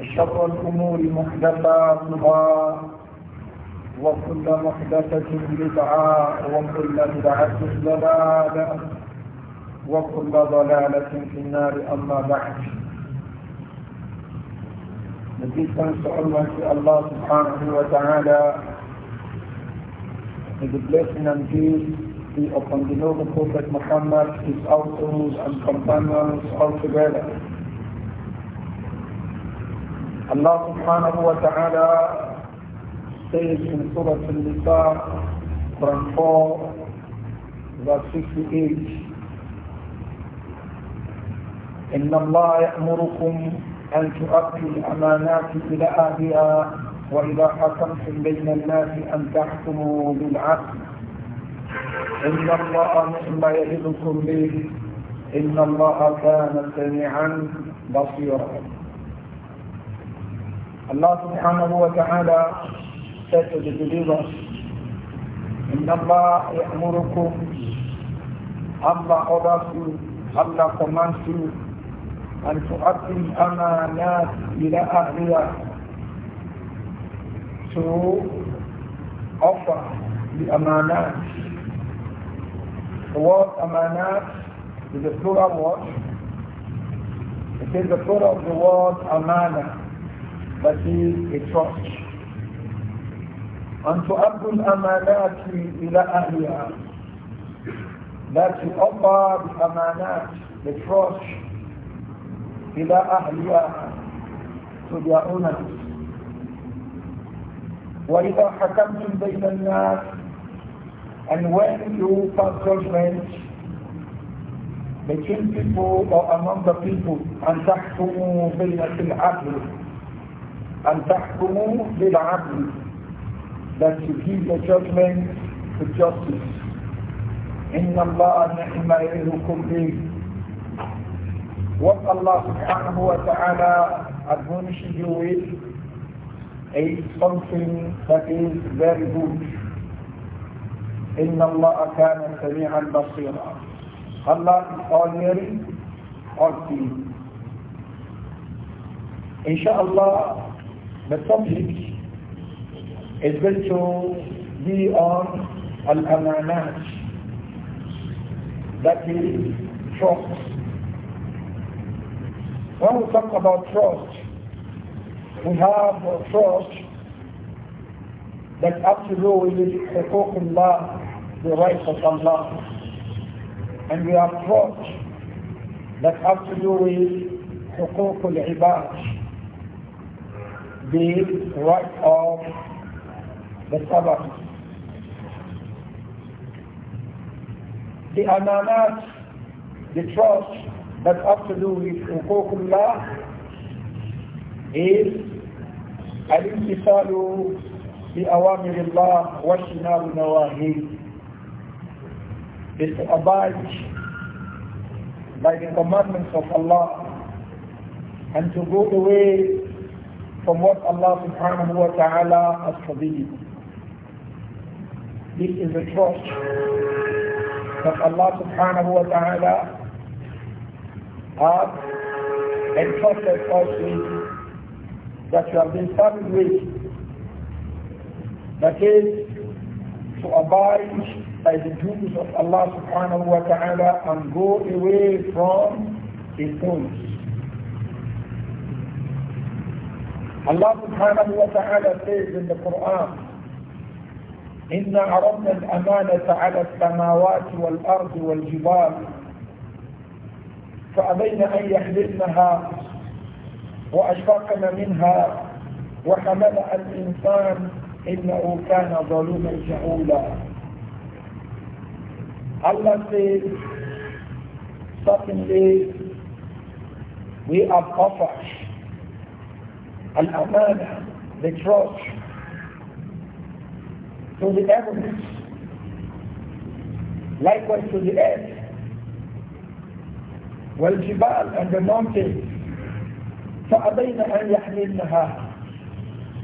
وشر الأمور محدثاتها وكل محدثة بدعة وكل بدعة ضلالة وكل ضلالة في النار أما بعد نجيب نسأل الله سبحانه وتعالى May the blessing and peace be upon the noble Prophet Muhammad, his household and companions altogether. الله سبحانه وتعالى says in Surah Al-Nisa, Quran 4, verse 58, إن الله يأمركم أن تؤدوا الأمانات إلى أهلها وإذا حكمتم بين الناس أن تحكموا بالعدل إن الله مما يعظكم به إن الله كان سميعا بصيرا Allah subhanahu wa ta'ala said to the believers, إِنَّ اللَّهَ يَأْمُرُكُمْ Allah orders you, Allah commands you, and to أَنْ تُؤَدِّي الْأَمَانَاتِ إِلَىٰ أَهْلِهَا To offer the amanat. The word amanat is a plural word. It is the plural of the word amana that is a trust. And to Abdul Amanati ila ahliha. That you offer the amanat, the trust, ila ahliha, to their owners. وإذا حكمتم بين الناس and when you pass judgment between people or among the people and تحكموا بين العدل أن تحكموا بالعدل that you give the judgment to justice إن الله نعم يهلكم به what Allah subhanahu wa ta'ala admonishes you with is something that is very good. إن الله كان سميعا بصيرا. Allah is all hearing, all seeing. Inshallah, the topic is going to be on al-amanat, that is trust. When we talk about trust, we have trust that have to do with huququllah, the rights of Allah. And we have trust that have to do with huququl ibad, the right of the Sabbath. The amanat, the trust that have to do with Uququllah is bi بأوامر الله واجتناب نواهيه is to abide by the commandments of Allah and to go away from what Allah subhanahu wa ta'ala has forbidden. This is a trust that Allah subhanahu wa ta'ala has entrusted us with, that we have been started with, that is to abide by the duties of Allah subhanahu wa ta'ala and go away from his rules. Allah subhanahu wa ta'ala says in the Quran, إِنَّ عَرَضْنَا الْأَمَانَةَ عَلَى السَّمَاوَاتِ وَالْأَرْضِ وَالْجِبَالِ فأبين أن يحملنها وأشفقن منها وحمل الإنسان إنه كان ظلوما جهولا Allah says, certainly we are offered Al-Amana, the trust to the heavens, likewise to the earth, والجبال and the mountains. فأبين أن يحملنها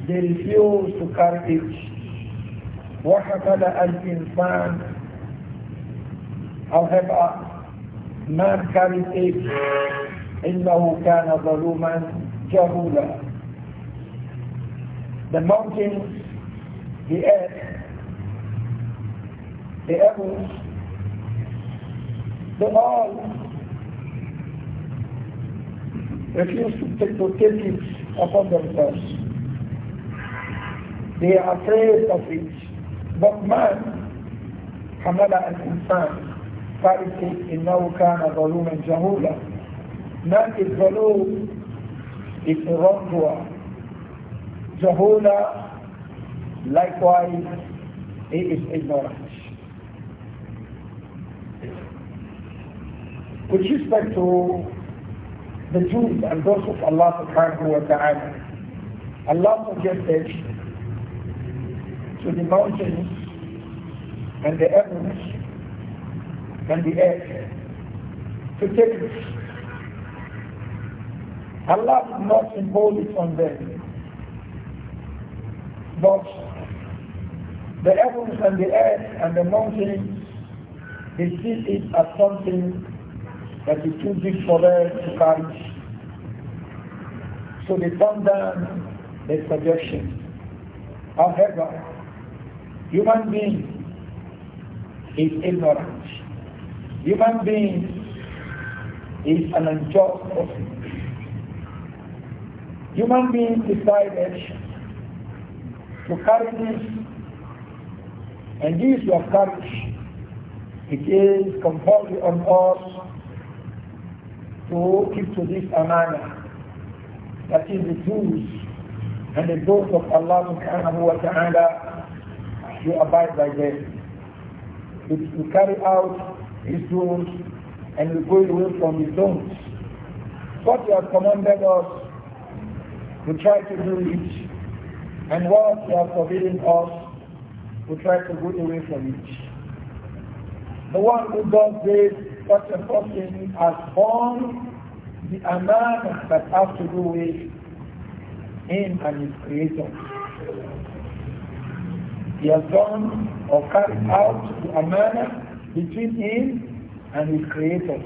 they refuse to carry it وحمل الإنسان however man carried it إنه كان ظلوما جهولا the mountains, the earth, the heavens, the all refuse to take, to upon themselves. They are afraid of it. But man, حمل الإنسان فارسي إنه كان ظلوما جهولا Man is ظلوم, is a wrongdoer. Jahula, likewise, he is ignorant. With respect to the Jews and those of Allah subhanahu wa ta'ala, Allah suggested to the mountains and the heavens and the earth to take it. Allah did not impose it on them. But the heavens and the earth and the mountains, they see it as something that is too big for them to carry. So they turn down their suggestion. However, human being is ignorant. Human being is an unjust person. Human being decided to carry this. And this your courage. It is compulsory on us to keep to this amana. That is the tools and the doors of Allah subhanahu wa ta'ala. You abide by them. If you carry out His rules and you go away from His don'ts. What He has commanded us, to try to do it and what they are forbidding us, we try to go away from it. The one who does this, such a person has borne the amount that has to do with him and his creator. He has done or carried out the amana between him and his creator,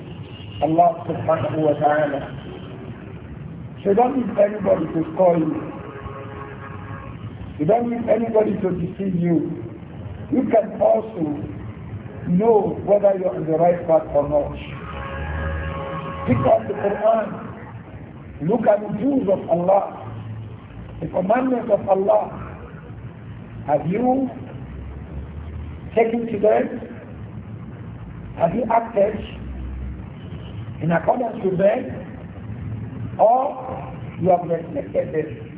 Allah subhanahu wa ta'ala. So don't need anybody to call you. You don't need anybody to deceive you. You can also know whether you're on the right path or not. Pick up the Quran. Look at the rules of Allah, the commandments of Allah. Have you taken to them? Have you acted in accordance with them? Or you have neglected them?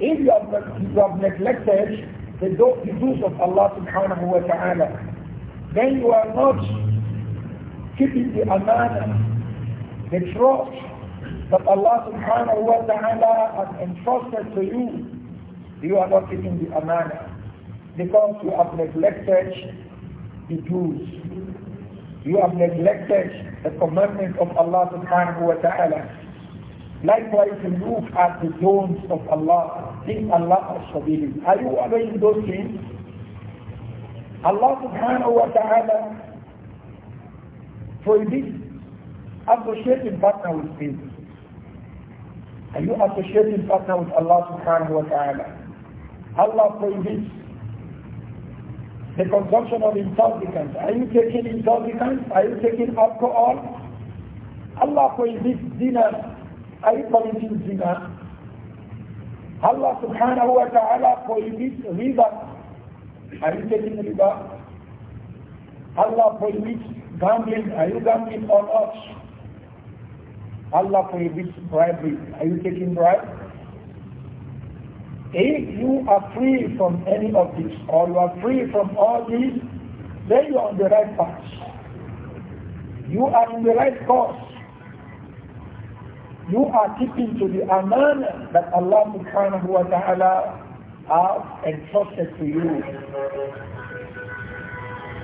If you have, you have neglected the dues of Allah subhanahu wa ta'ala, then you are not keeping the amana, the trust that Allah subhanahu wa ta'ala has entrusted to you. You are not keeping the amana because you have neglected the dues. You have neglected the commandment of Allah subhanahu wa ta'ala. Likewise, you look at the zones of Allah this Allah as forbidding. Are you obeying those things? Allah subhanahu wa ta'ala prohibits associating partner with him. Are you associated partner with Allah subhanahu wa ta'ala? Allah prohibits the consumption of intoxicants. Are you taking intoxicants? Are you taking alcohol? Allah prohibits zina. Are you committing zina? Allah subhanahu wa ta'ala prohibits riba. Are you taking riba? Allah prohibits gambling. Are you gambling on not? Allah prohibits bribery. Are you taking bribe? If you are free from any of this, or you are free from all these, then you are on the right path. You are in the right course you are keeping to the aman that Allah subhanahu wa ta'ala has entrusted to you.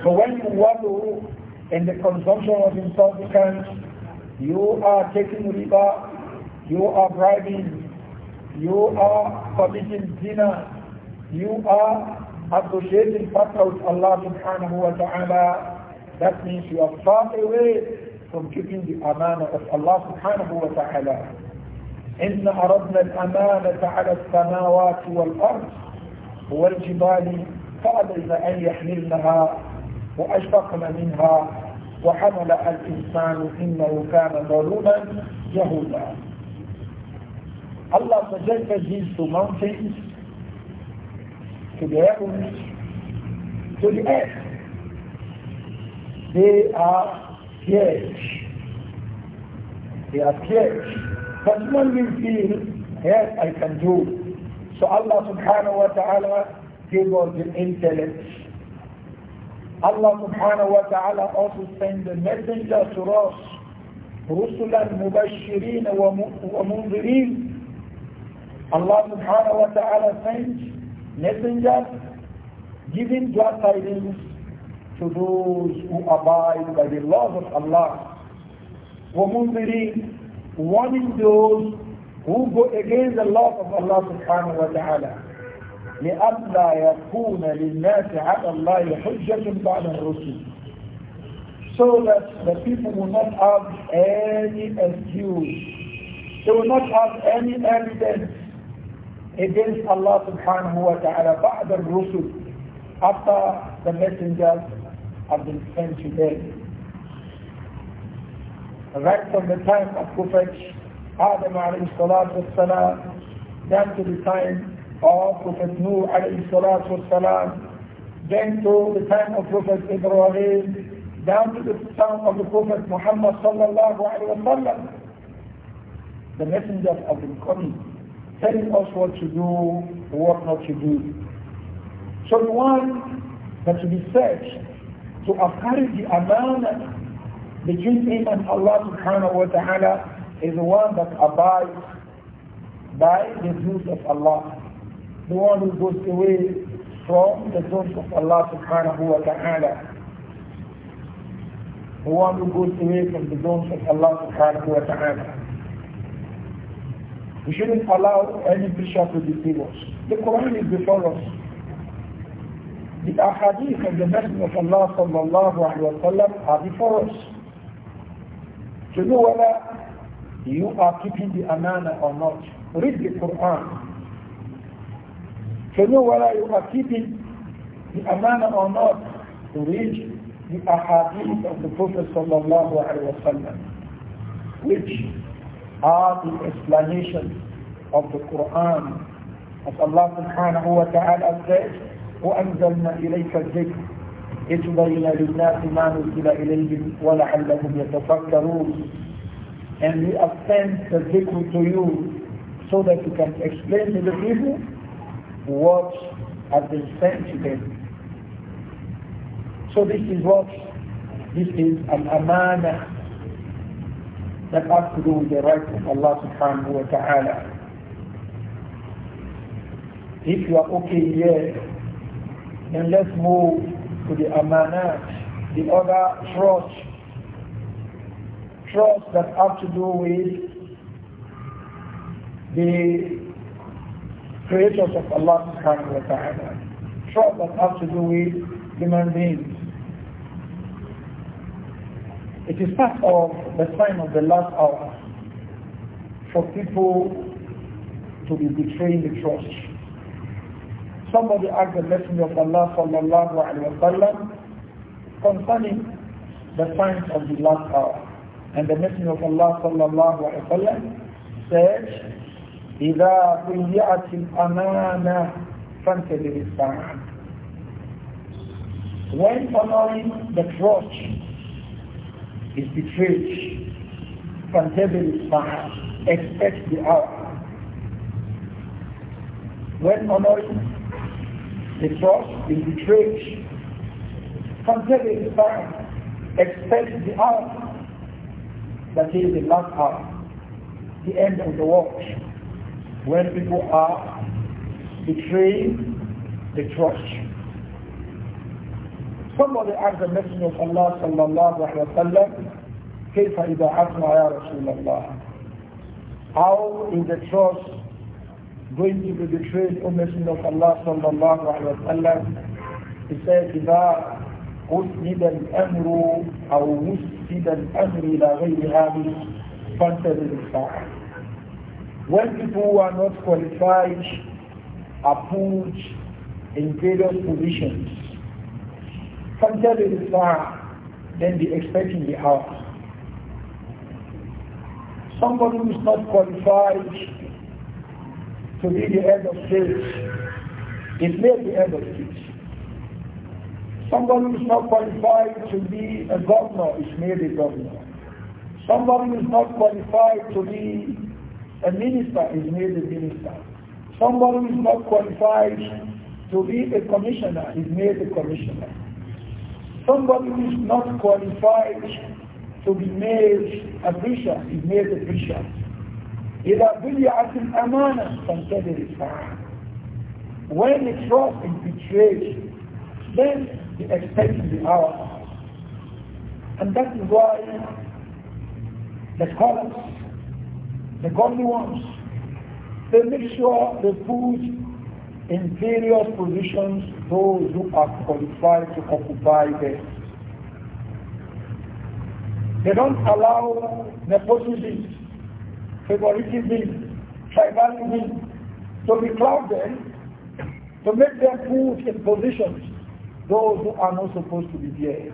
So when you wallow in the consumption of intoxicants, you are taking riba, you are bribing, you are committing zina, you are associating partner with Allah subhanahu wa ta'ala, that means you are far away from keeping the amana of Allah subhanahu wa ta'ala. إن أَرَضْنَا الأمانة على السماوات والأرض والجبال فأبين أن يحملنها وأشفقن منها وحمل الإنسان إنه كان ظلوما جهولا Allah suggested these two mountains to the heavens, to the earth. They are appeared. He appeared. But when we feel, yes, I can do. So Allah subhanahu wa ta'ala gave us the intellect. Allah subhanahu wa ta'ala also sent the messenger to us, رسلا مبشرين ومنذرين. Allah subhanahu wa ta'ala sent messengers giving glad tidings to those who abide by the laws of Allah. وَمُنْذِرِينَ Warning those who go against the laws of Allah subhanahu wa ta'ala. لألا يكون للناس على الله حجة بعد الرسل. So that the people will not have any excuse. They will not have any evidence against Allah subhanahu wa ta'ala بعد الرسل after the messengers have been sent to them. Right from the time of Prophet Adam alayhi down to the time of Prophet Noah alayhi then to the time of Prophet Ibrahim, down to the time of the Prophet Muhammad sallallahu The messengers have been coming, telling us what to do, what not to do. So the want that to be searched to carried the amana between him and Allah subhanahu wa ta'ala is one that abides by the rules of Allah. The one who goes away from the rules of Allah subhanahu wa ta'ala. The one who goes away from the rules of Allah subhanahu wa ta'ala. We shouldn't allow any pressure to deceive us. The Quran is before us. The ahadith of the Messenger of Allah sallallahu alayhi wa sallam are before us. To know whether you are keeping the amana or not, read the Quran. To know whether you are keeping the amana or not, read the ahadith of the Prophet sallallahu alayhi wa sallam, which are the explanations of the Quran. As Allah subhanahu wa ta'ala says, وأنزلنا إليك الذكر لتبين للناس ما نزل إليهم ولعلهم يتفكرون and we ascend the dhikr to you so that you can explain to the people what has been sent to them. So this is what, this is an amana that has to do with the right of Allah subhanahu wa ta'ala. If you are okay here, then let's move to the amanat, the other trust. Trust that have to do with the creators of Allah subhanahu wa ta'ala. Trust that have to do with human beings. It is part of the sign of the last hour for people to be betraying the trust somebody asked the Messenger of Allah sallallahu alayhi wa sallam concerning the signs of the last hour. And the Messenger of Allah sallallahu alayhi wa sallam said, إِذَا قُيِّعَتِ الْأَمَانَةِ فَانْتَبِرِ السَّاعَةِ When honoring the trust is betrayed, فَانْتَبِرِ السَّاعَةِ Expect the hour. When honoring the trust the betrayed. Consider the time. Expect the hour. That is the last hour. The end of the watch. When people are betraying the trust. Somebody asked the Messenger of Allah sallallahu alayhi wa sallam, كيف إذا عثنا يا رسول الله? How is the trust going to be betrayed, O Messenger of Allah sallallahu alayhi wa sallam. He said, إِذَا أُسْنِدَ الْأَمْرُ أَوْ وُسِّدَ الْأَمْرُ إِلَى غَيْرِ هَذِهِ فَانْتَظِرِ السَّاعَةِ When people who are not qualified are put in various positions, فَانْتَظِرِ السَّاعَةِ Then be expecting the hour. Somebody who is not qualified to be the head of state. is may the head of state. Somebody who is not qualified to be a governor is made a governor. Somebody who is not qualified to be a minister is made a minister. Somebody who is not qualified to be a commissioner is made a commissioner. Somebody who is not qualified to be made a bishop is made a bishop. إذا ضيعت الأمانة فانتظر الساعة When the trust is betrayed, then the expense the ours. And that is why the scholars, the godly ones, they make sure they put in various positions those who are qualified to occupy them. They don't allow nepotism favoritism, tribalism, to becloud them, to make them put in positions those who are not supposed to be there.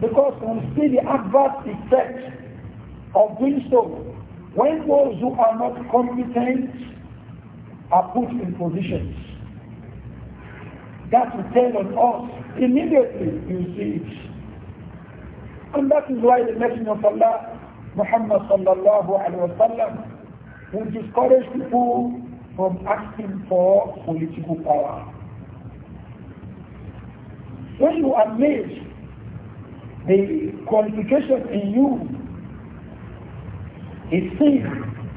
Because we see the adverse effect of doing so when those who are not competent are put in positions. That will tell on us immediately, you see it. And that is why the Messenger of Allah Muhammad sallallahu alaihi wasallam will discouraged people from asking for political power. When you admit the qualification in you is sin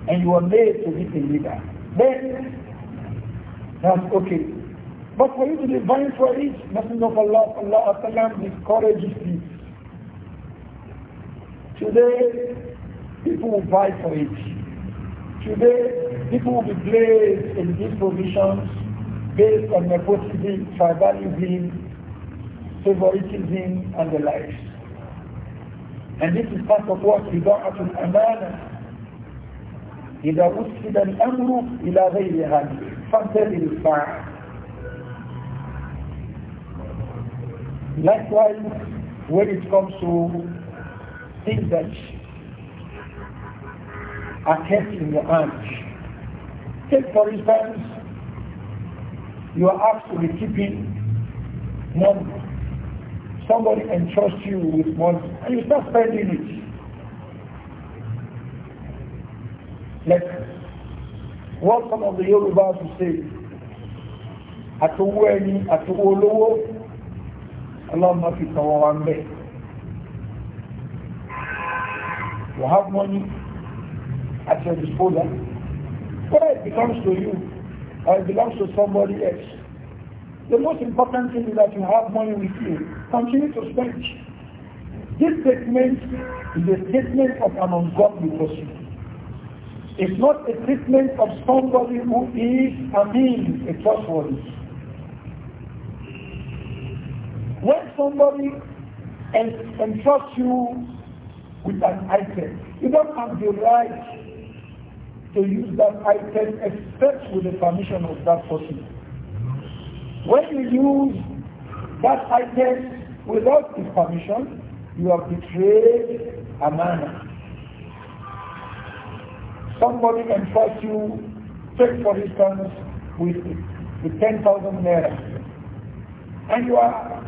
and you are made to be a leader, then that's okay. But for you to be vying for it, Messenger of Allah, Allah discourages you. Today, people will buy for it. Today, people will be placed in these positions based on nepotism, tribalism, favoritism, and the likes. And this is part of what we don't have to amana. إذا أسد الأمر إلى غيرها فانتبه الفاعل. Likewise, when it comes to things that are kept in your hands. Take for instance, you are asked to be keeping money. Somebody entrusts you with money and you start spending it. Let's what some of the Yorubas will say, àtòwó ẹni àtòwó olówó, ọlọ́run you have money at your disposal, whether it belongs to you or it belongs to somebody else. The most important thing is that you have money with you. Continue to spend. This statement is a statement of an ungodly person. It's not a statement of somebody who is a mean, a trustworthy. When somebody entrusts you with an item. You don't have the right to use that item except with the permission of that person. When you use that item without his permission, you have betrayed a man. Somebody can entrusts you, take for instance, with, the 10,000 naira. And you are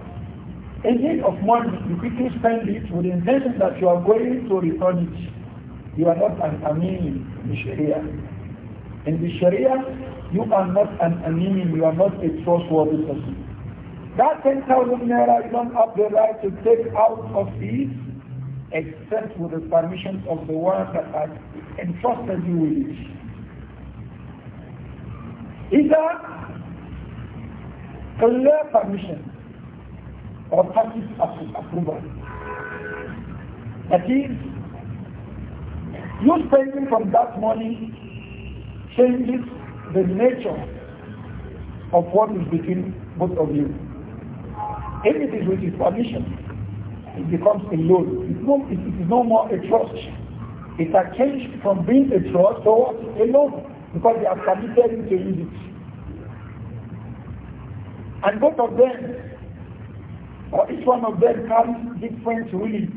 agent of money, you quickly spend it with the intention that you are going to return it. You are not an amin in Sharia. In the Sharia, you are not an amin, you are not a trustworthy person. That 10,000 naira you don't have the right to take out of it except with the permission of the one that has entrusted you with it. Is that clear permission or tacit approval. That is, you spending from that money changes the nature of what is between both of you. If it is with his permission, it becomes a loan. It, no, it is no more a trust. It has changed from being a trust to a loan because they are committed to use it. And both of them or each one of them carries different really.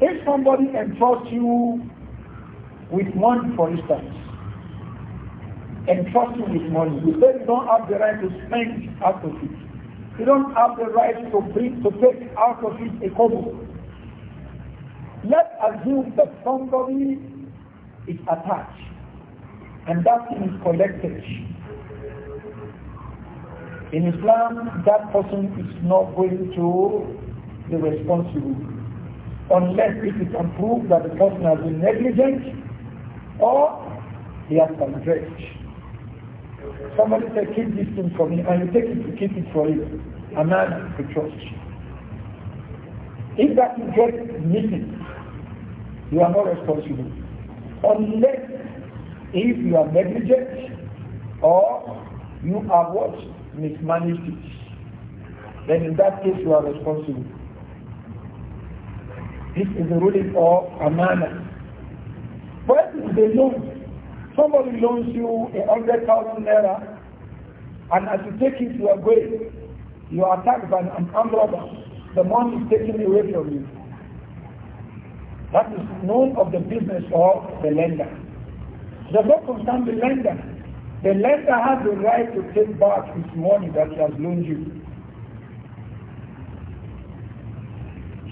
If somebody entrusts you with money, for instance, entrusts you with money, you say you don't have the right to spend out of it. You don't have the right to bring to take out of it a kobo. Let's assume that somebody is attached and that thing is collected in Islam, that person is not going to be responsible unless it is proved that the person has been negligent or he has transgressed. Somebody said, keep this thing for me, and you take it to keep it for you. A man to trust. If that you get missing, you are not responsible. Unless if you are negligent or you are what mismanaged it, then in that case you are responsible. This is the ruling of Amana. But the loan, somebody loans you a hundred thousand naira, and as you take it you are going, you are attacked by an armed robber, the money is taken away from you. That is known of the business of the lender. The not concern the lender. The lender has the right to take back his money that he has loaned you.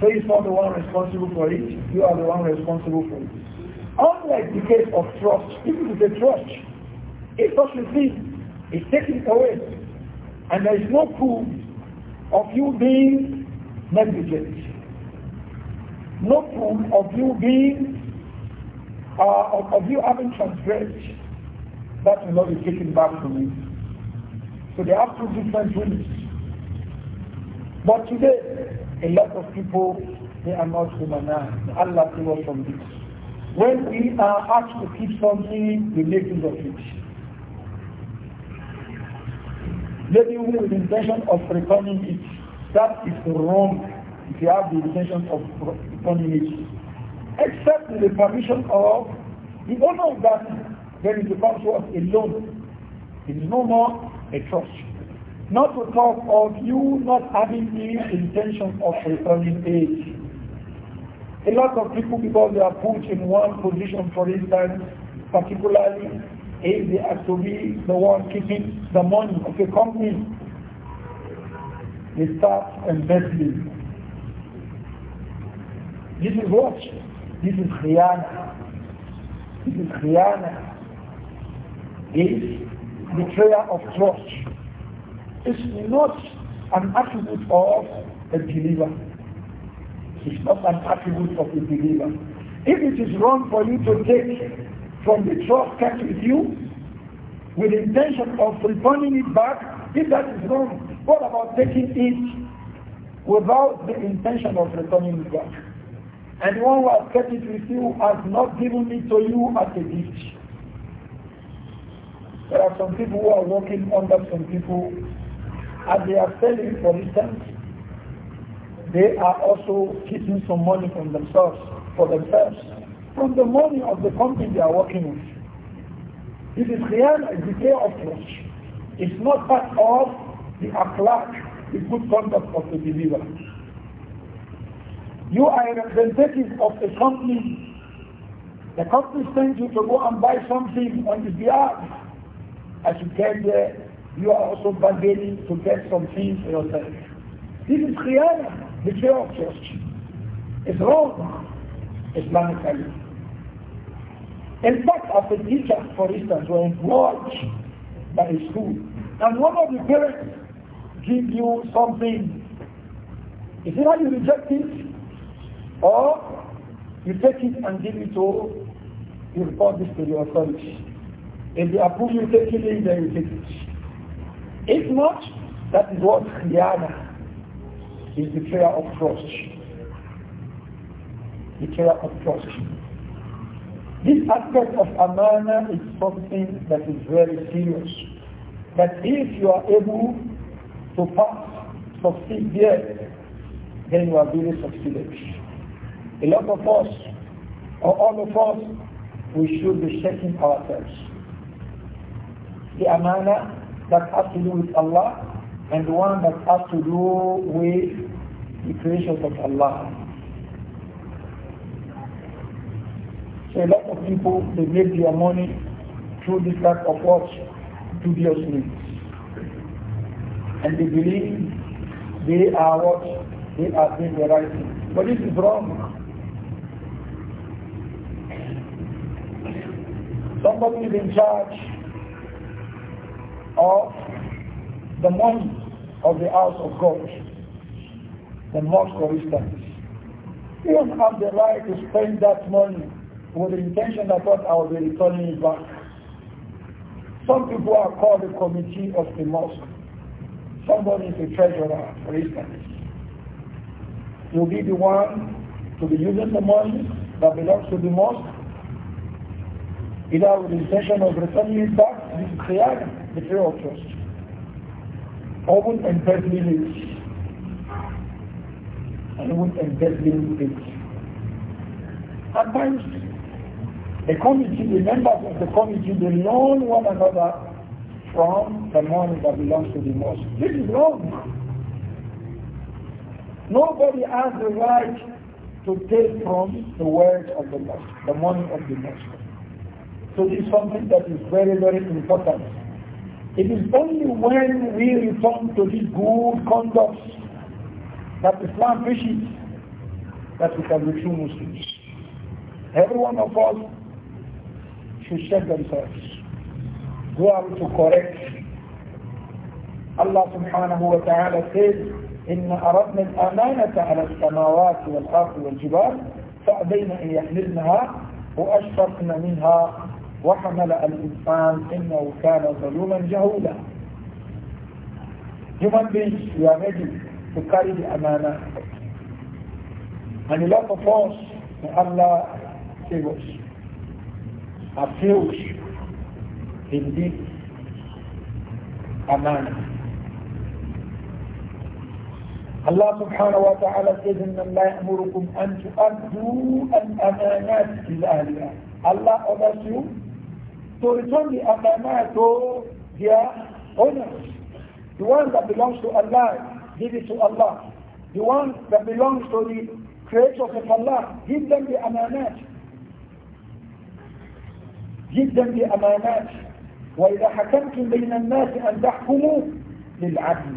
So he's not the one responsible for it, you are the one responsible for it. Unlike the case of trust, if it is a trust, a trust is taken away and there is no proof of you being negligent. No proof of you being, uh, of, of you having transgressed that will not be taken back from me. So they have two different rules. But today, a lot of people, they are not humanized. Allah save us from this. When we are asked to keep something, we make use of it. Maybe with the intention of returning it. That is wrong if you have the intention of returning it. Except with the permission of the owner of that then it becomes what? A loan. It is no more a trust. Not to talk of you not having the intention of returning aid. A lot of people, because they are put in one position, for instance, particularly if they have to be the one keeping the money of the company, they start investing. This is what? This is khiyana. This is khiyana is betrayer of trust. It's not an attribute of a believer. It's not an attribute of a believer. If it is wrong for you to take from the trust kept with you with intention of returning it back, if that is wrong, what about taking it without the intention of returning it back? Anyone who has kept it with you has not given it to you as a gift. There are some people who are working under some people as they are selling, for instance, they are also keeping some money from themselves, for themselves, from the money of the company they are working with. This is khiyana, it's the day of It's not part of the akhlaq, the good conduct of the believer. You are a representative of the company. The company sends you to go and buy something on his behalf. As you get there, you are also bargaining to get some things for yourself. This is khiyana, betrayal of trust. It's wrong, It's Islamically. In fact, as a teacher, for instance, were employed by a school, and one of the parents give you something, is it how you reject it? Or you take it and give it to, you report this to your authority. If you approve you taking it, then you take it. If not, that is what khiyana is the prayer of trust. The prayer of trust. This aspect of amana is something that is very serious. But if you are able to pass, succeed there, then you are really succeeded. A lot of us, or all of us, we should be checking ourselves. The amana that has to do with Allah and the one that has to do with the creations of Allah. So a lot of people, they make their money through this type of what? Dubious means. And they believe they are what? They are doing the right thing. But this is wrong. Somebody is in charge of the money of the house of God, the mosque for instance. You don't have the right to spend that money with the intention that what I will be returning it back. Some people are called the committee of the mosque. Somebody is a treasurer, for instance. You'll be the one to be using the money that belongs to the mosque either with the intention of returning it back this the the of trust. Open and deadly And open and deadly linkage. At times, the committee, the members of the committee, they loan one another from the money that belongs to the mosque. This is wrong. Nobody has the right to take from the wealth of the mosque, the money of the mosque. So this is something that is very, very important. It is only when we return to this good conduct that Islam preaches that we can be true Muslims. Every one of us should check themselves. Go out to correct. Allah subhanahu wa ta'ala says, إن أردنا الأمانة على السماوات والأرض والجبال فأبين أن يحملنها وأشفقن منها وحمل الإنسان إنه كان ظلوما جهولا Human beings, we are ready to carry the amana. And a lot of us, may Allah save us, are filled in this amana. Allah subhanahu wa ta'ala says, in Allah يَأْمُرُكُمْ أَن تُؤَدُّوا الْأَمَانَاتِ إِلَى أَهْلِهَا Allah orders you to return the amanah to their owners. The one that belongs to Allah, give it to Allah. The one that belongs to the creators of Allah, give them the amanat. Give them the amanat. وإذا حكمتم بين الناس أن تحكموا للعدل.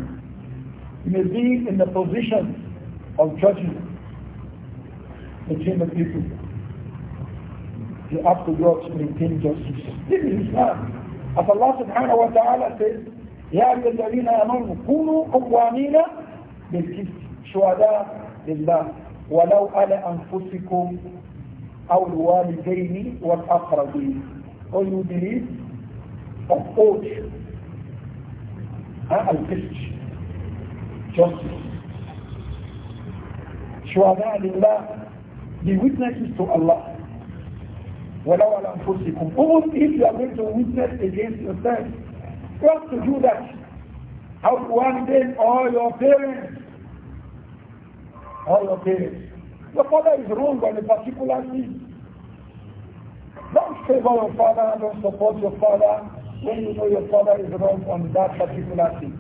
You may be in the position of judgment between the people. You have to go to maintain justice. This is Islam. As Allah subhanahu wa ta'ala says, يا أيها الذين آمنوا كونوا قوامين بالقسط شهداء لله ولو على أنفسكم أو الوالدين والأقربين. Or you believe of oath القسط justice. شهداء لله be witnesses to Allah. وَلَوْ عَلَى أَنفُسِكُمْ Even if you are going to witness against yourself, you have to do that. Out one day, all your parents, all your parents. Your father is wrong on a particular thing. Don't favor your father, don't support your father when you know your father is wrong on that particular thing.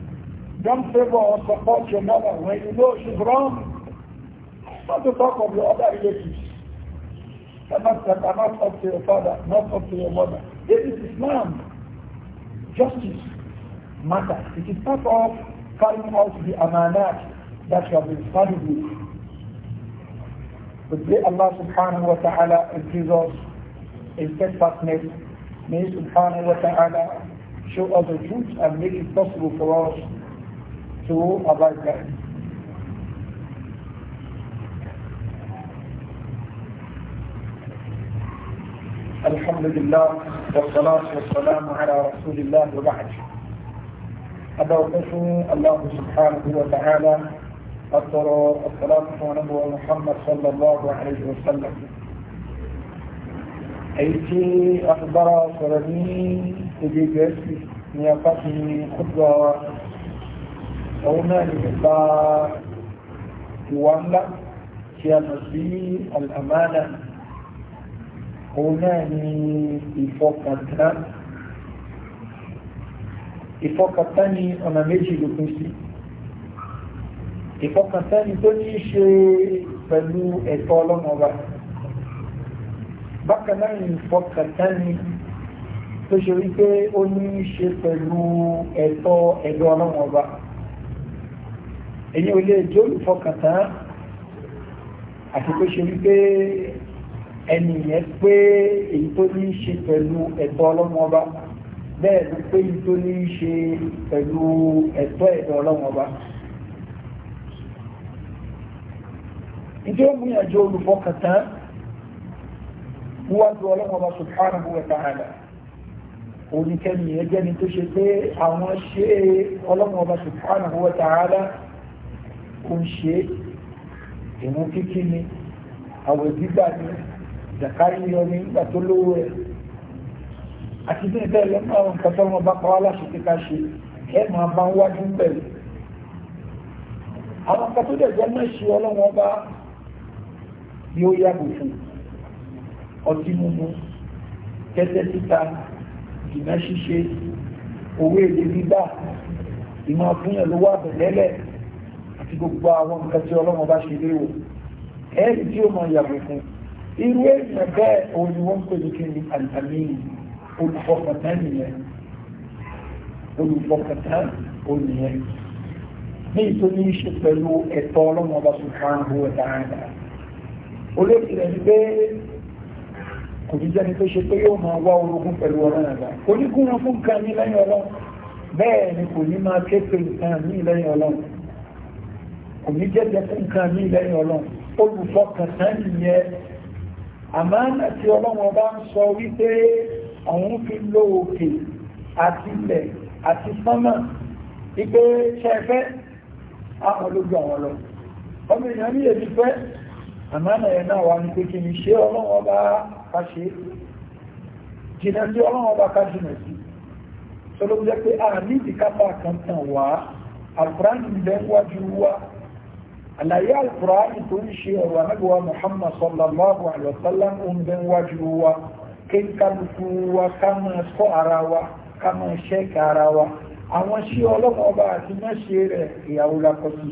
Don't favor or support your mother when you know she's wrong. Not to talk of your other relatives. I are not up to your father, not up to your mother. This is Islam. Justice matters. It is part of carrying out the amanat that you have been studied with. We Allah subhanahu wa ta'ala increase us in steadfastness. May subhanahu wa ta'ala show us the truth and make it possible for us to abide by it. الحمد لله والصلاة والسلام على رسول الله وبعد هذا وقف الله سبحانه وتعالى أترى الصلاة ونبوة محمد صلى الله عليه وسلم أيتي أخبر صلني تجي جاسي نياقتي خطوة وما لإطلاع وأن لا الأمانة òun náà ni ìfọkàntán ìfọkàntán ni ọ̀nà méjì ló pín sí ìfọkàntán ni tó ní í ṣe pẹ̀lú ẹ̀tọ́ ọlọ́mọba bákan náà ni ìfọkàntán ni tó ṣe wípé ó ní í ṣe pẹ̀lú ẹ̀tọ́ ẹ̀dọ́ ọlọ́mọba èyí ò lè jó ìfọkàntán àti tó ṣe wípé ẹni yẹn pé èyí tó ní í ṣe pẹ̀lú ẹ̀tọ́ ọlọ́mọba bẹ́ẹ̀ ló pé èyí tó ní í ṣe pẹ̀lú ẹ̀tọ́ ẹ̀dọ́ ọlọ́mọba. ìdí ó gbìyànjú olùfọkàntán wíwájú ọlọ́mọba subhanahu wa ta'ala oníkẹ́ni ẹjẹ́ ni tó ṣe pé àwọn ṣe ọlọ́mọba subhanahu wa ta'ala kò ń ṣe ìmú kíkí ni àwẹ̀ gbígbà ni zakari yọ ní ìgbà tó lówó ẹ̀ àti bí bẹ́ẹ̀ lọ́nà àwọn nǹkan tó wọn bá pa wá láṣẹ kíkà ṣe ẹ máa bá ń wájú pẹ̀lú àwọn nǹkan tó dẹ̀ jẹ́ náà ṣe ọlọ́wọ́n bá ni ó yàgò fún ọtí mímu tẹ́tẹ́ títa ìná ṣíṣe owó èdè gbígbà ìmọ̀ fúnyàn ló wà bẹ̀lẹ́lẹ̀ àti gbogbo àwọn nǹkan tí ọlọ́wọ́n bá ṣe léwò ẹ̀ẹ́dì tí ó mọ ìyàgò fún irú èèyàn bẹ́ẹ̀ òun ni wọ́n ń pèlú kí ni àlàmín olùfọkàntán nìyẹn olùfọkàntán ònìyẹn ní ìtòní ṣe pẹ̀lú ẹ̀tọ́ ọlọ́run ọba subhanahu wa ta'ala olóòtú rẹ̀ ni pé kò ní jẹ́ni tó ṣe pé yóò máa wá orogún pẹ̀lú ọlọ́run ọba kò ní gúnra fún nǹkan ní lẹ́yìn ọlọ́run bẹ́ẹ̀ ni kò ní máa ké pé nǹkan ní lẹ́yìn ọlọ́run kò ní jẹ́jẹ́ fún nǹkan ní lẹ́yìn ọlọ́run olùfọkàntán nìyẹn àmánà tí ọlọ́wọ́n bá ń sọ wípé àwọn fi lo òkè àti ilẹ̀ àti sánmà wípé ṣẹfẹ́ àwọn olójú àwọn lọ ọmọ èèyàn ní èdè fẹ́ àmánà ẹ̀ náà wà ní pé kí ni ṣe ọlọ́wọ́n bá ká ṣe jìnà sí ọlọ́wọ́n bá ká jìnà sí tó ló jẹ́ pé a ní ìdíkápá kan tàn wá àkùrá nìbẹ̀ wájú wa àlàyé alkùránì tó ń ṣe ọ̀rọ̀ anábíwá muhammad sallallahu alaihi wa sallam ń bẹ wájú wa kí kálukú wa ká máa sọ ara wa ká máa ṣẹ́ẹ̀kì ara wa àwọn ṣé ọlọ́mọ ọba àti mẹ́ṣe rẹ̀ ìyàwó lakọ́sí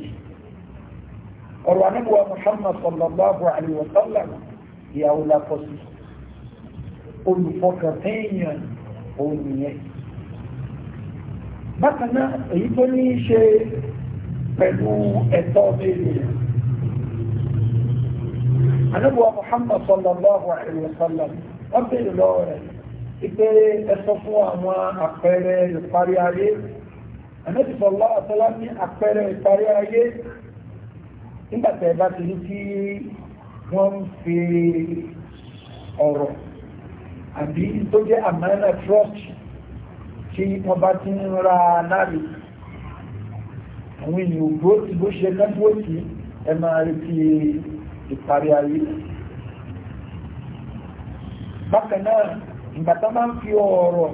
ọ̀rọ̀ anábíwá muhammad sallallahu alaihi wa sallam ìyàwó lakọ́sí olùfọkàntẹ́yìn òun nìyẹn bákan náà èyí tó ní í ṣe pẹ̀lú ẹ̀tọ́ mẹ́rin anábùwà Muhammad sallallahu alaihi wa sallam wọ́n bèèrè lọ́wọ́ rẹ̀ ìpè ẹ̀sọ́ fún àwọn àpẹẹrẹ ìparí ayé anábì sallallahu alaihi wa sallam ní àpẹẹrẹ ìparí ayé nígbàtẹ̀ bá ti rí kí wọ́n ń fi ọ̀rọ̀ àbí tó jẹ́ àmàlà trust tí wọ́n bá ti ń ra náà àwọn èèyàn ògbó tí bó ṣe lẹ́gbọ́ sí ẹ máa retí ìparí ayé bákan náà ìgbà tó máa ń fi ọ̀rọ̀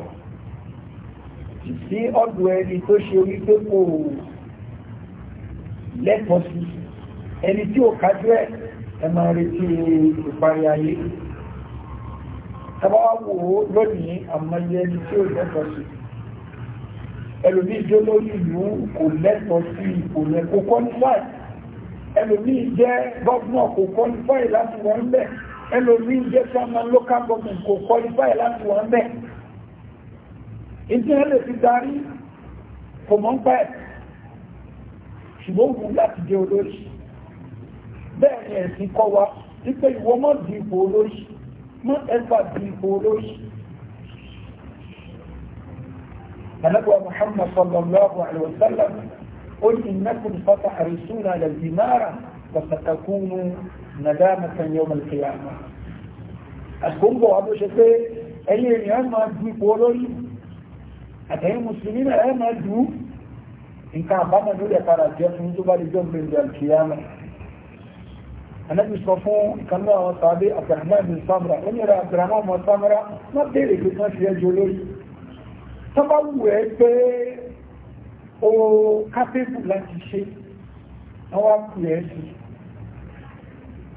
sí ọ̀dọ̀ ẹni tó ṣe wípé kò lẹ́tọ̀ọ́ sí ẹni tí ò kájú ẹ̀ ẹ máa retí ìparí ayé tàbá wò lónìí àmọ́ ẹni tí ò lẹ́tọ̀ọ́ sí ẹlòmí ìjọ lórí ìlú kò lẹ́tọ̀ọ́ sí ipò yẹn kò qualify ẹlòmí jẹ́ gọ́vnọ̀ kò qualify láti wọ́n ń bẹ̀ ẹlòmí jẹ́ chairman local government kò qualify láti wọ́n ń bẹ̀ ìdíyẹn lè fi darí kò mọ́ ń pẹ́ ṣùgbọ́n òun láti jẹ́ olórí bẹ́ẹ̀ ni ẹ̀sìn kọ́ wa wípé ìwọ mọ́ di ipò olórí mọ́ ẹgbà di ipò olórí فنبوى محمد صلى الله عليه وسلم قل إنكم ستحرسون على الزمارة وستكونوا ندامة يوم القيامة أكون بوابو شتى أي اليوم ما أدوي بولوي أتاين المسلمين الآن ما أدوي إن كان بابا بما يا ترى الجنة من بعد يوم من القيامة أنا صفون كان له صحابي عبد الرحمن بن صامرة ونرى عبد الرحمن بن صامرة ما بيرك ما في الجلوس tọ́bá wù ẹ́ pé o kápẹ́bù láti ṣe àwọn àpù ẹ̀ sí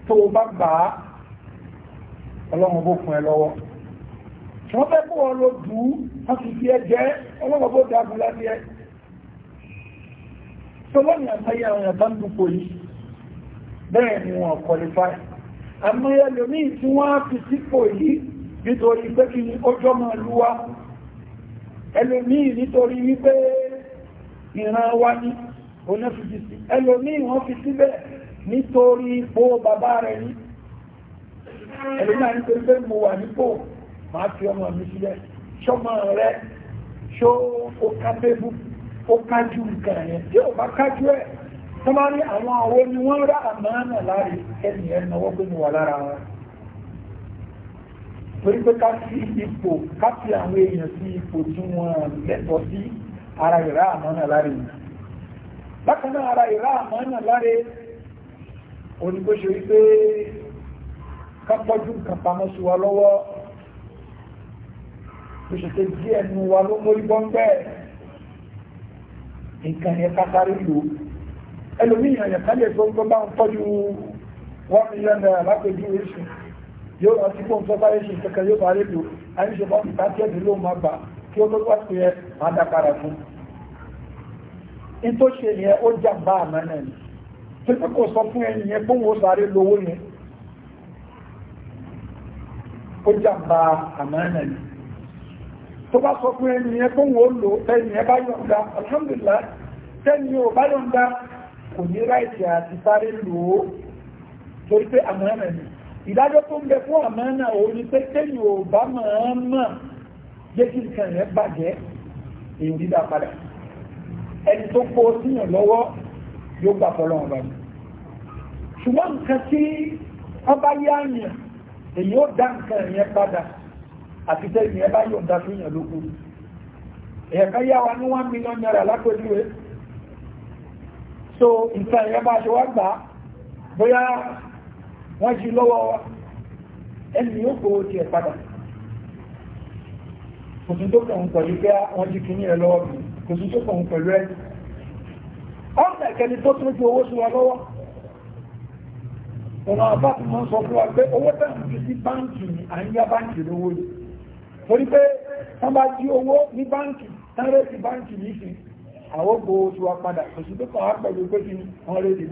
tó o bá gbà á ọlọ́run bó fún ẹ lọ́wọ́ tí wọ́n fẹ́ kó wọn lọ dù ú wọ́n ti fi ẹ jẹ́ ọlọ́run bó dáàbò láti ẹ tó lọ́nà àmáyé àwọn ẹ̀bá ń dúpò yìí bẹ́ẹ̀ ni wọ́n qualify àmáyé lómi tí wọ́n á fi sípò yìí nítorí pé kí ni ó lúwa ẹlòmíì nítorí wípé ìran wa ní onáfífísì ẹlòmíì wọ́n fi síbẹ̀ nítorí ipò bàbá rẹ̀ ní ẹlòmíì nítorí pé mo wà nípò máa fi ọmọ mi sílẹ̀ ṣọmọ rẹ̀ ṣó ó kábébù ó kájú nǹkan yẹn tí ò bá kájú ẹ̀ tó àwọn àwọn ni wọ́n rà àmọ́ náà láàrin ẹnìyẹn náwó gbé mi wà lára wọn torí pé ká sí ipò ká sí àwọn èèyàn sí ipò tí wọ́n lẹ́tọ̀ọ́ sí ara ìrá àmọ́nà láre yìí bákan náà ara ìrá àmọ́nà láre onígbó ṣe wípé ká tọ́jú nǹkan pamọ́ sí wa lọ́wọ́ tó ṣe pé díẹ̀ nu wa ló mórí bọ́ bẹ́ẹ̀ nǹkan yẹn ká sáré lò ẹlòmíràn yẹn ká lè gbọ́ngbọ́n bá ń tọ́jú one million naira lápẹjú oríṣiríṣi yóò rántí fún sọ́sáré ṣe ìkẹ́kẹ́ yóò bá rédíò àìṣe bá ti tájẹ́dì ló máa gbà kí ó tó wá sí ẹ máa dápadà fún in tó ṣe yẹn ó jà bá àmọ́ náà ni tó tó kò sọ fún ẹni yẹn fún wọn sáré lówó yẹn ó jà bá àmọ́ náà ni tó bá sọ fún ẹni yẹn fún wọn lò tẹ́ni yẹn bá yọ̀ǹda alhamdulillah tẹ́ni yóò bá yọ̀ǹda kò ní ráìtì àti sáré lò ó torí pé àmọ́ náà ni ìdájọ́ tó ń bẹ fún àmánà òun ni pé kéyìn ò bá máa mọ̀ jẹ́ kí nǹkan rẹ̀ bàjẹ́ èyí dídá padà ẹni tó kó síyàn lọ́wọ́ yóò gbà fọlọ́ wọn báyìí ṣùgbọ́n nǹkan tí wọ́n bá yá yàn èyí ó dá nǹkan yẹn padà àti tẹ́ ìyẹn bá yóò dá síyàn lókun èyàn kan yá wa ní one million naira lápẹ́júwe so nǹkan yẹn bá ṣe wá gbà bóyá wọ́n jí lọ́wọ́ wa ẹni yóò kó tiẹ̀ padà kò tún tó kàn pẹ̀lú pé wọ́n jí kíní ẹ̀ lọ́wọ́ mi kò tún tó kàn pẹ̀lú ẹ̀ ọ̀nà ìkẹni tó tún ju owó sí wa lọ́wọ́ ọ̀nà àbá tí wọ́n sọ fún wa pé owó tẹ̀sán ti sí báǹkì ni à ń yá báǹkì lówó yìí torí pé ní báǹkì tán rẹ́ẹ̀tì báǹkì yìí sí àwọn gbowó tí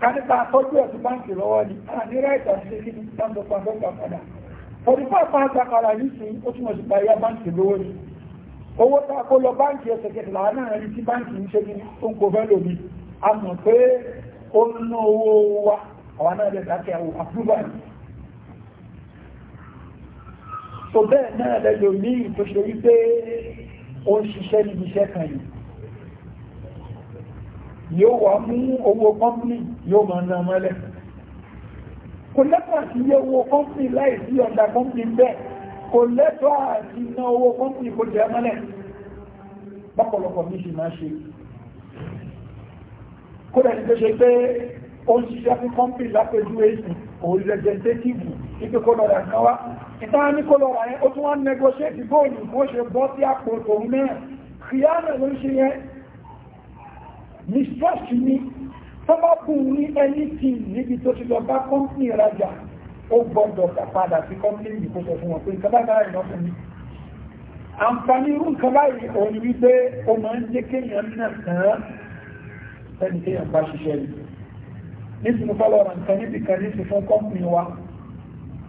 kánípa tọ́jú ẹ̀sùn báńkì lọ́wọ́ ni a ní ráìtà sí kí ní sáńdọ̀ pàdọ́gbà padà òdìpá pàápàá padà nísìnyí ó túnmọ̀ sí pàyà báńkì lọ́wọ́ ni owó tá a kó lọ báńkì ẹsẹ̀ kẹtìlá náà rí tí báńkì ń ṣe ní ó ń kó fẹ́ lómi a mọ̀ pé ó ń ná owó wa àwọn náà lè dákẹ́ àwọn àbúrúbà ni tó bẹ́ẹ̀ náà lẹ́lòmíì tó ṣe wípé ó ń ṣiṣẹ́ níbi iṣẹ́ kan yìí yóò wà mú owó kọ́mpìnì yóò máa ná mọ́lẹ̀ kò lẹ́tọ̀ àti iye owó kọ́mpìnì láì sí ọ̀dà kọ́mpìnì bẹ́ẹ̀ kò lẹ́tọ̀ àti ná owó kọ́mpìnì kò jẹ́ mọ́lẹ̀ bọ́pọ̀lọpọ̀ mi sì máa ṣe kó lẹ́ni tó ṣe pé ó ń ṣiṣẹ́ fún kọ́mpìnì lápẹjú èsì òun rẹ̀jẹ̀ntétìfù ipe kó lọ́ra kan wá ìta ní kó lọ́ra yẹn ó tún wá negotiate bóòlù bó ṣe bọ́ sí àpò tòun náà kìí mistrust ni tọ́bákùn ní anything níbi tó ti lọ bá company rajà ó gbọ́dọ̀ padà sí company ìdìbò sọ fún wọn pé nǹkan báyìí báyìí lọ́sùn ni àǹfààní irú nǹkan báyìí òun wípé ó máa ń jẹ́ kéèyàn náà tán ẹni kéèyàn bá ṣiṣẹ́ rí nítorí mo fọ́lọ́ra nǹkan níbi kan ní fífún company wa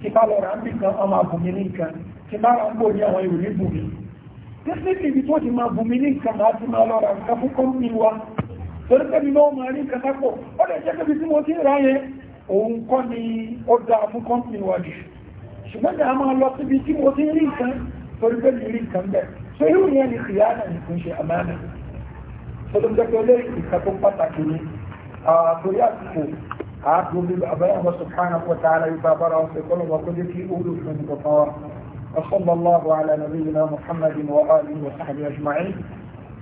tí fọ́lọ́ra ń bì kan ọmọ àbùnmi ní nǹkan tí bá ra ń bò ní àwọn ìròyìn bùnmi nítorí ibi tó ti máa bùnmi ní nǹkan máa ti máa lọ́ra nǹkan fún company wa torí pé mi náà mọ̀ rí kẹta pọ̀ ó lè jẹ́ kébí tí mo ti rà yẹn òun kọ́ ni ó da fún kọ́mpìnì wa jù ṣùgbọ́n dà máa lọ síbi tí mo ti rí nǹkan torí pé mi rí nǹkan bẹ́ẹ̀ so irú yẹn ni kìyànà nìkan ṣe àmàna tó ló ń jẹ́ pé lé ìka tó pàtàkì ni torí àsìkò àádọ́bí àbáyé sùkánà pọ̀ tààrà yóò bára wọn pẹ̀lú kó jẹ́ kí ó lò fún nǹkan kan wa وصلى الله على نبينا محمد وآله وصحبه أجمعين